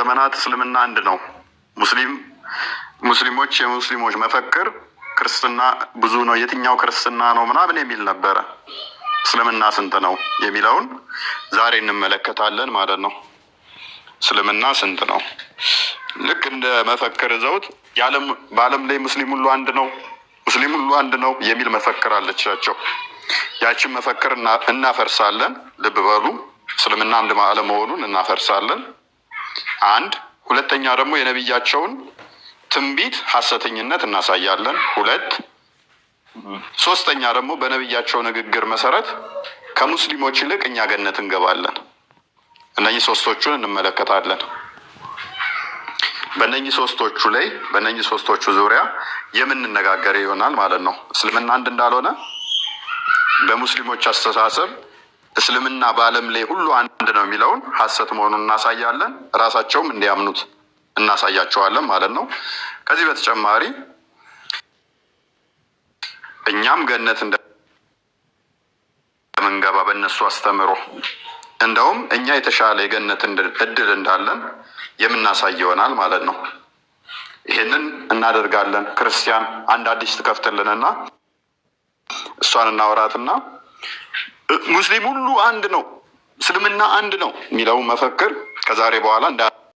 ዘመናት እስልምና አንድ ነው። ሙስሊም ሙስሊሞች የሙስሊሞች መፈክር ክርስትና ብዙ ነው፣ የትኛው ክርስትና ነው ምናምን የሚል ነበረ። እስልምና ስንት ነው የሚለውን ዛሬ እንመለከታለን ማለት ነው። እስልምና ስንት ነው? ልክ እንደ መፈክር ዘውት በዓለም ላይ ሙስሊም ሁሉ አንድ ነው፣ ሙስሊም ሁሉ አንድ ነው የሚል መፈክር አለቻቸው። ያችን መፈክር እናፈርሳለን። ልብ በሉ እስልምና አንድ ዓለም መሆኑን እናፈርሳለን። አንድ ሁለተኛ ደግሞ የነቢያቸውን ትንቢት ሐሰተኝነት እናሳያለን። ሁለት ሶስተኛ ደግሞ በነቢያቸው ንግግር መሰረት ከሙስሊሞች ይልቅ እኛ ገነት እንገባለን። እነኚህ ሶስቶቹን እንመለከታለን። በእነኚህ ሶስቶቹ ላይ በእነኚህ ሶስቶቹ ዙሪያ የምንነጋገር ይሆናል ማለት ነው። እስልምና አንድ እንዳልሆነ በሙስሊሞች አስተሳሰብ እስልምና በዓለም ላይ ሁሉ አንድ ነው የሚለውን ሀሰት መሆኑን እናሳያለን። ራሳቸውም እንዲያምኑት እናሳያቸዋለን ማለት ነው። ከዚህ በተጨማሪ እኛም ገነት እንደምንገባ በእነሱ አስተምሮ እንደውም እኛ የተሻለ የገነት እድል እንዳለን የምናሳይ ይሆናል ማለት ነው። ይህንን እናደርጋለን። ክርስቲያን አንድ አዲስ ትከፍትልንና እሷን እናወራትና ሙስሊም ሁሉ አንድ ነው፣ እስልምና አንድ ነው የሚለው መፈክር ከዛሬ በኋላ እንዳ